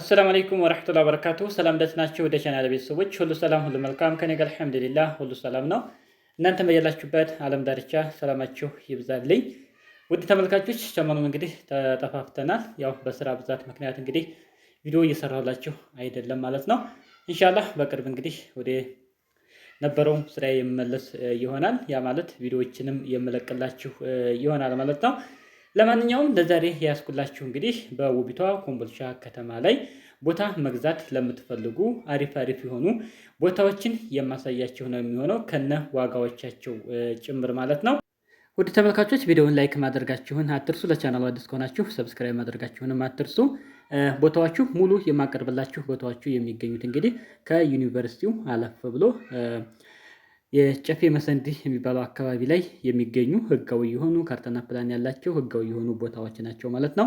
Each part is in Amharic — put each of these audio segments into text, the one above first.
አሰላሙ አለይኩም ወረሕመቱላሂ ወበረካቱ። ሰላም ደህና ናችሁ? ወደ ቻናል ቤተሰቦች ሁሉ ሰላም ሁሉ መልካም ከኔ ጋር አልሐምዱሊላህ ሁሉ ሰላም ነው። እናንተ በያላችሁበት ዓለም ዳርቻ ሰላማችሁ ይብዛልኝ። ውድ ተመልካቾች ሰሞኑን እንግዲህ ተጠፋፍተናል። ያው በስራ ብዛት ምክንያት እንግዲህ ቪዲዮ እየሰራሁላችሁ አይደለም ማለት ነው። ኢንሻላህ በቅርብ እንግዲህ ወደ ነበረው ስራ የምመለስ ይሆናል። ያ ማለት ቪዲዮዎችንም የምለቅላችሁ ይሆናል ማለት ነው። ለማንኛውም ለዛሬ ያስኩላችሁ እንግዲህ በውቢቷ ኮምቦልቻ ከተማ ላይ ቦታ መግዛት ለምትፈልጉ አሪፍ አሪፍ የሆኑ ቦታዎችን የማሳያቸው ነው የሚሆነው ከነ ዋጋዎቻቸው ጭምር ማለት ነው። ውድ ተመልካቾች ቪዲዮውን ላይክ ማድረጋችሁን አትርሱ። ለቻናሉ አዲስ ከሆናችሁ ሰብስክራይብ ማድረጋችሁንም አትርሱ። ቦታዎቹ ሙሉ የማቀርብላችሁ ቦታዎቹ የሚገኙት እንግዲህ ከዩኒቨርሲቲው አለፍ ብሎ የጨፌ መሰንዲ የሚባለው አካባቢ ላይ የሚገኙ ህጋዊ የሆኑ ካርታና ፕላን ያላቸው ህጋዊ የሆኑ ቦታዎች ናቸው ማለት ነው።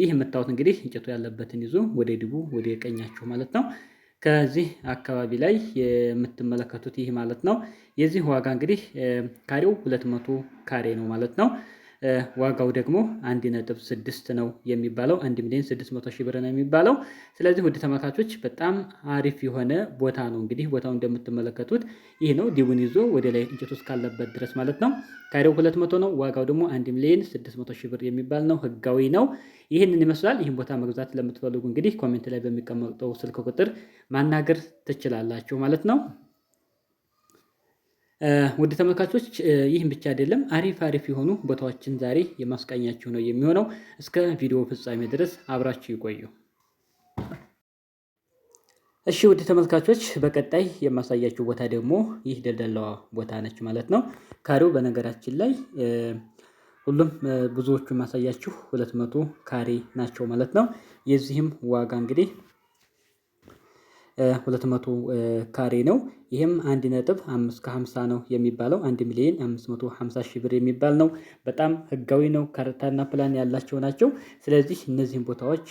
ይህ የምታዩት እንግዲህ እንጨቱ ያለበትን ይዞ ወደ ድቡ ወደ ቀኛችሁ ማለት ነው። ከዚህ አካባቢ ላይ የምትመለከቱት ይህ ማለት ነው። የዚህ ዋጋ እንግዲህ ካሬው ሁለት መቶ ካሬ ነው ማለት ነው። ዋጋው ደግሞ አንድ ነጥብ ስድስት ነው የሚባለው። አንድ ሚሊዮን 600 መቶ ሺህ ብር ነው የሚባለው። ስለዚህ ውድ ተመልካቾች በጣም አሪፍ የሆነ ቦታ ነው። እንግዲህ ቦታው እንደምትመለከቱት ይህ ነው። ዲቡን ይዞ ወደ ላይ እንጨት ውስጥ ካለበት ድረስ ማለት ነው። ካሬው ሁለት መቶ ነው። ዋጋው ደግሞ አንድ ሚሊዮን 600 መቶ ሺህ ብር የሚባል ነው። ህጋዊ ነው። ይህንን ይመስላል። ይህን ቦታ መግዛት ለምትፈልጉ እንግዲህ ኮሜንት ላይ በሚቀመጠው ስልክ ቁጥር ማናገር ትችላላችሁ ማለት ነው። ውድ ተመልካቾች ይህም ብቻ አይደለም፣ አሪፍ አሪፍ የሆኑ ቦታዎችን ዛሬ የማስቃኛችሁ ነው የሚሆነው። እስከ ቪዲዮ ፍጻሜ ድረስ አብራችሁ ይቆዩ። እሺ ውድ ተመልካቾች በቀጣይ የማሳያችሁ ቦታ ደግሞ ይህ ደልደላዋ ቦታ ነች ማለት ነው። ካሬው በነገራችን ላይ ሁሉም ብዙዎቹ የማሳያችሁ ሁለት መቶ ካሬ ናቸው ማለት ነው። የዚህም ዋጋ እንግዲህ ሁለት መቶ ካሬ ነው። ይህም አንድ ነጥብ አምስት ከሀምሳ ነው የሚባለው አንድ ሚሊዮን አምስት መቶ ሀምሳ ሺህ ብር የሚባል ነው። በጣም ህጋዊ ነው። ካርታና ፕላን ያላቸው ናቸው። ስለዚህ እነዚህን ቦታዎች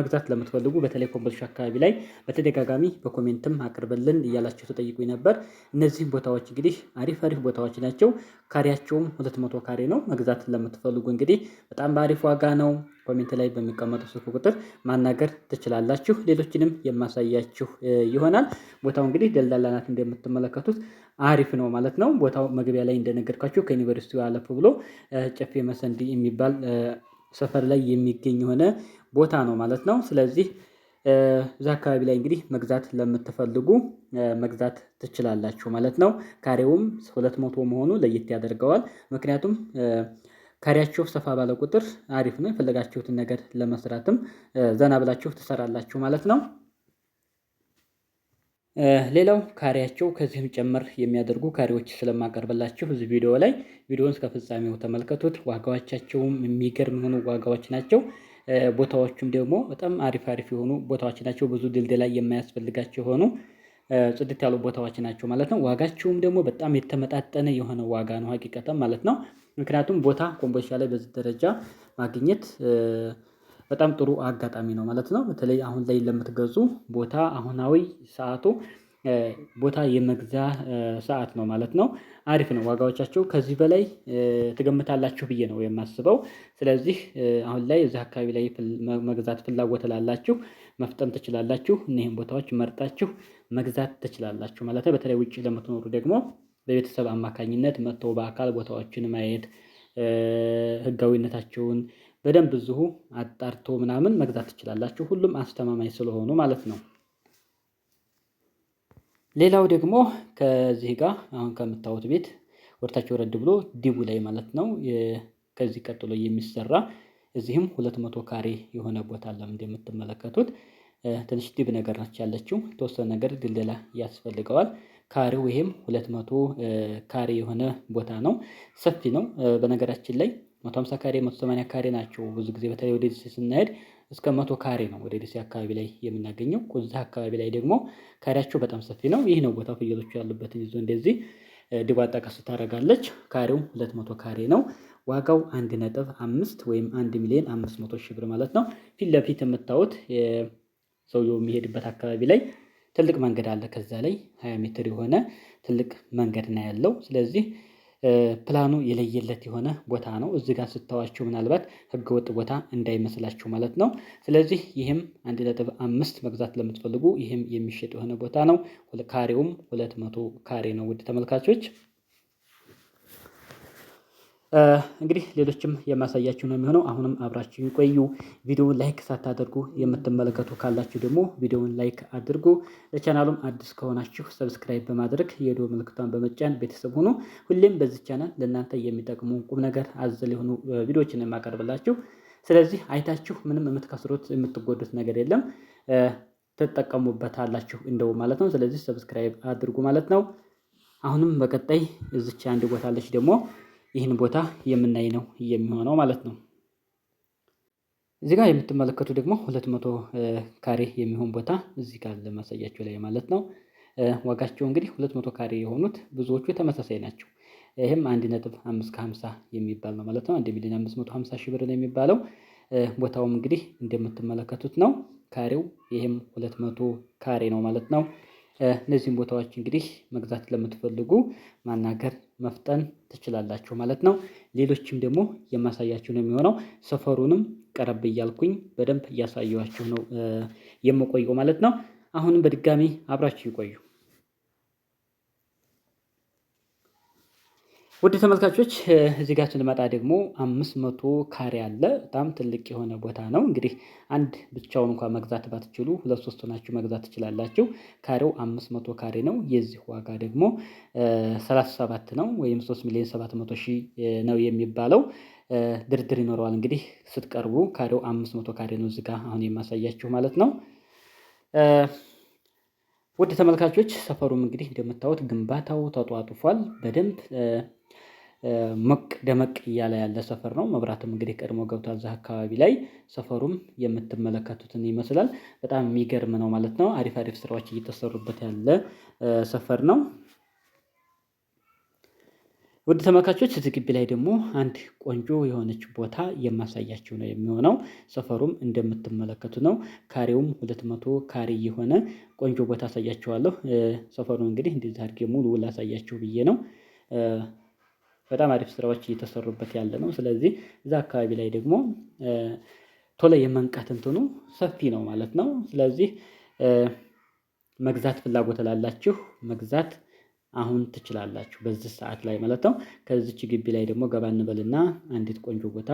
መግዛት ለምትፈልጉ በተለይ ኮምቦልቻ አካባቢ ላይ በተደጋጋሚ በኮሜንትም አቅርበልን እያላቸው ተጠይቁ ነበር። እነዚህን ቦታዎች እንግዲህ አሪፍ አሪፍ ቦታዎች ናቸው። ካሬያቸውም ሁለት መቶ ካሬ ነው። መግዛት ለምትፈልጉ እንግዲህ በጣም በአሪፍ ዋጋ ነው። ኮሜንት ላይ በሚቀመጡ ስልክ ቁጥር ማናገር ትችላላችሁ። ሌሎችንም የማሳያችሁ ይሆናል። ቦታው እንግዲህ ደልዳላ ናት እንደምትመለከቱት አሪፍ ነው ማለት ነው። ቦታው መግቢያ ላይ እንደነገርኳቸው ከዩኒቨርሲቲው አለፍ ብሎ ጨፌ መሰንዲ የሚባል ሰፈር ላይ የሚገኝ የሆነ ቦታ ነው ማለት ነው። ስለዚህ እዛ አካባቢ ላይ እንግዲህ መግዛት ለምትፈልጉ መግዛት ትችላላችሁ ማለት ነው። ካሬውም ሁለት መቶ መሆኑ ለየት ያደርገዋል። ምክንያቱም ካሪያቸው ሰፋ ባለ ቁጥር አሪፍ ነው። የፈለጋችሁትን ነገር ለመስራትም ዘና ብላችሁ ትሰራላችሁ ማለት ነው። ሌላው ካሪያቸው ከዚህም ጨምር የሚያደርጉ ካሪዎች ስለማቀርብላችሁ እዚህ ቪዲዮ ላይ ቪዲዮውን እስከ ፍጻሜው ተመልከቱት። ዋጋዎቻቸውም የሚገርም የሆኑ ዋጋዎች ናቸው። ቦታዎቹም ደግሞ በጣም አሪፍ አሪፍ የሆኑ ቦታዎች ናቸው። ብዙ ድልድይ ላይ የማያስፈልጋቸው የሆኑ ጽድት ያሉ ቦታዎች ናቸው ማለት ነው። ዋጋቸውም ደግሞ በጣም የተመጣጠነ የሆነ ዋጋ ነው ሀቂቀተም ማለት ነው። ምክንያቱም ቦታ ኮምቦልቻ ላይ በዚህ ደረጃ ማግኘት በጣም ጥሩ አጋጣሚ ነው ማለት ነው። በተለይ አሁን ላይ ለምትገዙ ቦታ አሁናዊ ሰዓቱ ቦታ የመግዛ ሰዓት ነው ማለት ነው። አሪፍ ነው ዋጋዎቻቸው ከዚህ በላይ ትገምታላችሁ ብዬ ነው የማስበው። ስለዚህ አሁን ላይ እዚህ አካባቢ ላይ መግዛት ፍላጎት ላላችሁ መፍጠን ትችላላችሁ እኒህም ቦታዎች መርጣችሁ መግዛት ትችላላችሁ ማለት ነው። በተለይ ውጭ ለምትኖሩ ደግሞ በቤተሰብ አማካኝነት መጥቶ በአካል ቦታዎችን ማየት ህጋዊነታቸውን በደንብ እዚሁ አጣርቶ ምናምን መግዛት ትችላላችሁ። ሁሉም አስተማማኝ ስለሆኑ ማለት ነው። ሌላው ደግሞ ከዚህ ጋር አሁን ከምታዩት ቤት ወርታቸው ወረድ ብሎ ዲቡ ላይ ማለት ነው ከዚህ ቀጥሎ የሚሰራ እዚህም ሁለት መቶ ካሬ የሆነ ቦታ አለ እንደምትመለከቱት ትንሽ ዲብ ነገር ናች ያለችው የተወሰነ ነገር ድልደላ ያስፈልገዋል። ካሬው ይሄም ሁለት መቶ ካሬ የሆነ ቦታ ነው። ሰፊ ነው በነገራችን ላይ መቶ ሀምሳ ካሬ መቶ ሰማንያ ካሬ ናቸው። ብዙ ጊዜ በተለይ ወደ ደሴ ስናሄድ እስከ መቶ ካሬ ነው ወደ ደሴ አካባቢ ላይ የምናገኘው። እዛ አካባቢ ላይ ደግሞ ካሬያቸው በጣም ሰፊ ነው። ይህ ነው ቦታው ፍየሎቹ ያሉበትን ይዞ እንደዚህ ድባጣ ቀስ ታደርጋለች። ካሬው ሁለት መቶ ካሬ ነው። ዋጋው አንድ ነጥብ አምስት ወይም አንድ ሚሊዮን አምስት መቶ ሺህ ብር ማለት ነው። ፊት ለፊት የምታዩት ሰውየው የሚሄድበት አካባቢ ላይ ትልቅ መንገድ አለ። ከዛ ላይ ሀያ ሜትር የሆነ ትልቅ መንገድ ነው ያለው። ስለዚህ ፕላኑ የለየለት የሆነ ቦታ ነው። እዚ ጋር ስታዋችሁ ምናልባት ህገወጥ ቦታ እንዳይመስላችሁ ማለት ነው። ስለዚህ ይህም አንድ ነጥብ አምስት መግዛት ለምትፈልጉ ይህም የሚሸጥ የሆነ ቦታ ነው። ካሬውም ሁለት መቶ ካሬ ነው ውድ ተመልካቾች። እንግዲህ ሌሎችም የማሳያችሁ ነው የሚሆነው። አሁንም አብራችሁ ቆዩ። ቪዲዮውን ላይክ ሳታደርጉ የምትመለከቱ ካላችሁ ደግሞ ቪዲዮውን ላይክ አድርጉ። ለቻናሉም አዲስ ከሆናችሁ ሰብስክራይብ በማድረግ የዶ ምልክቷን በመጫን ቤተሰብ ሁኑ። ሁሌም በዚህ ቻናል ለእናንተ የሚጠቅሙ ቁም ነገር አዘል የሆኑ ቪዲዮዎችን የማቀርብላችሁ። ስለዚህ አይታችሁ ምንም የምትከስሩት የምትጎዱት ነገር የለም፣ ትጠቀሙበታላችሁ እንደው ማለት ነው። ስለዚህ ሰብስክራይብ አድርጉ ማለት ነው። አሁንም በቀጣይ እዚች አንድ ቦታለች ደግሞ ይህን ቦታ የምናይ ነው የሚሆነው ማለት ነው። እዚህ ጋር የምትመለከቱ ደግሞ ሁለት መቶ ካሬ የሚሆን ቦታ እዚህ ጋር ለማሳያቸው ላይ ማለት ነው። ዋጋቸው እንግዲህ ሁለት መቶ ካሬ የሆኑት ብዙዎቹ ተመሳሳይ ናቸው። ይህም አንድ ነጥብ አምስት ከሀምሳ የሚባል ነው ማለት ነው። አንድ ሚሊዮን አምስት መቶ ሀምሳ ሺህ ብር ነው የሚባለው። ቦታውም እንግዲህ እንደምትመለከቱት ነው። ካሬው ይህም ሁለት መቶ ካሬ ነው ማለት ነው። እነዚህን ቦታዎች እንግዲህ መግዛት ለምትፈልጉ ማናገር መፍጠን ትችላላችሁ ማለት ነው። ሌሎችም ደግሞ የማሳያችሁ ነው የሚሆነው። ሰፈሩንም ቀረብ እያልኩኝ በደንብ እያሳየኋችሁ ነው የምቆየው ማለት ነው። አሁንም በድጋሚ አብራችሁ ይቆዩ። ውድ ተመልካቾች እዚህ ጋር ስንመጣ ደግሞ አምስት መቶ ካሬ አለ። በጣም ትልቅ የሆነ ቦታ ነው። እንግዲህ አንድ ብቻውን እንኳ መግዛት ባትችሉ ሁለት ሶስት ሆናችሁ መግዛት ትችላላችሁ። ካሬው አምስት መቶ ካሬ ነው። የዚህ ዋጋ ደግሞ ሰላሳ ሰባት ነው ወይም ሶስት ሚሊዮን ሰባት መቶ ሺህ ነው የሚባለው። ድርድር ይኖረዋል እንግዲህ ስትቀርቡ። ካሬው አምስት መቶ ካሬ ነው እዚህ አሁን የማሳያችሁ ማለት ነው። ውድ ተመልካቾች ሰፈሩም እንግዲህ እንደምታዩት ግንባታው ተጧጡፏል። በደንብ ሞቅ ደመቅ እያለ ያለ ሰፈር ነው። መብራትም እንግዲህ ቀድሞ ገብቷል እዛ አካባቢ ላይ። ሰፈሩም የምትመለከቱትን ይመስላል። በጣም የሚገርም ነው ማለት ነው። አሪፍ አሪፍ ስራዎች እየተሰሩበት ያለ ሰፈር ነው። ውድ ተመልካቾች እዚህ ግቢ ላይ ደግሞ አንድ ቆንጆ የሆነች ቦታ የማሳያቸው ነው የሚሆነው። ሰፈሩም እንደምትመለከቱ ነው። ካሬውም ሁለት መቶ ካሬ የሆነ ቆንጆ ቦታ አሳያቸዋለሁ። ሰፈሩ እንግዲህ እንደዚህ አድርጌ ሙሉ ላሳያቸው ብዬ ነው። በጣም አሪፍ ስራዎች እየተሰሩበት ያለ ነው። ስለዚህ እዛ አካባቢ ላይ ደግሞ ቶሎ የመንቀት እንትኑ ሰፊ ነው ማለት ነው። ስለዚህ መግዛት ፍላጎት ላላችሁ መግዛት አሁን ትችላላችሁ በዚህ ሰዓት ላይ ማለት ነው። ከዚች ግቢ ላይ ደግሞ ገባ እንበልና አንዲት ቆንጆ ቦታ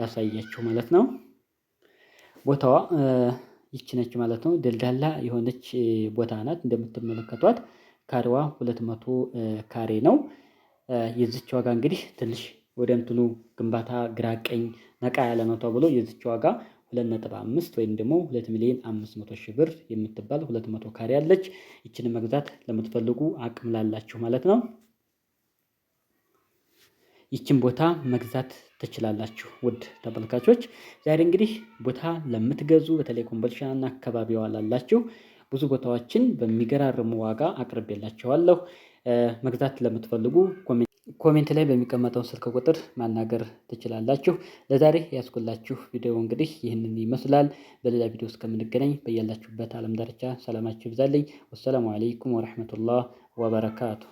ላሳያችሁ ማለት ነው። ቦታዋ ይች ነች ማለት ነው። ደልዳላ የሆነች ቦታ ናት። እንደምትመለከቷት ካሬዋ ሁለት መቶ ካሬ ነው። የዚች ዋጋ እንግዲህ ትንሽ ወደ እንትኑ ግንባታ ግራ ቀኝ ነቃ ያለ ነው ተብሎ የዚች ዋጋ ሁለት አምስት ወይም ደግሞ ሁለት ሚሊዮን አምስት መቶ ሺህ ብር የምትባል ሁለት መቶ ካሬ አለች። ይችን መግዛት ለምትፈልጉ አቅም ላላችሁ ማለት ነው ይችን ቦታ መግዛት ትችላላችሁ። ውድ ተመልካቾች ዛሬ እንግዲህ ቦታ ለምትገዙ በተለይ ኮምቦልቻና አካባቢዋ ላላችሁ ብዙ ቦታዎችን በሚገራርሙ ዋጋ አቅርቤላችኋለሁ። መግዛት ለምትፈልጉ ኮሜንት ላይ በሚቀመጠው ስልክ ቁጥር ማናገር ትችላላችሁ። ለዛሬ ያስኩላችሁ ቪዲዮ እንግዲህ ይህንን ይመስላል። በሌላ ቪዲዮ እስከምንገናኝ በያላችሁበት ዓለም ዳርቻ ሰላማችሁ ይብዛልኝ። ወሰላሙ አለይኩም ወረሕመቱላህ ወበረካቱ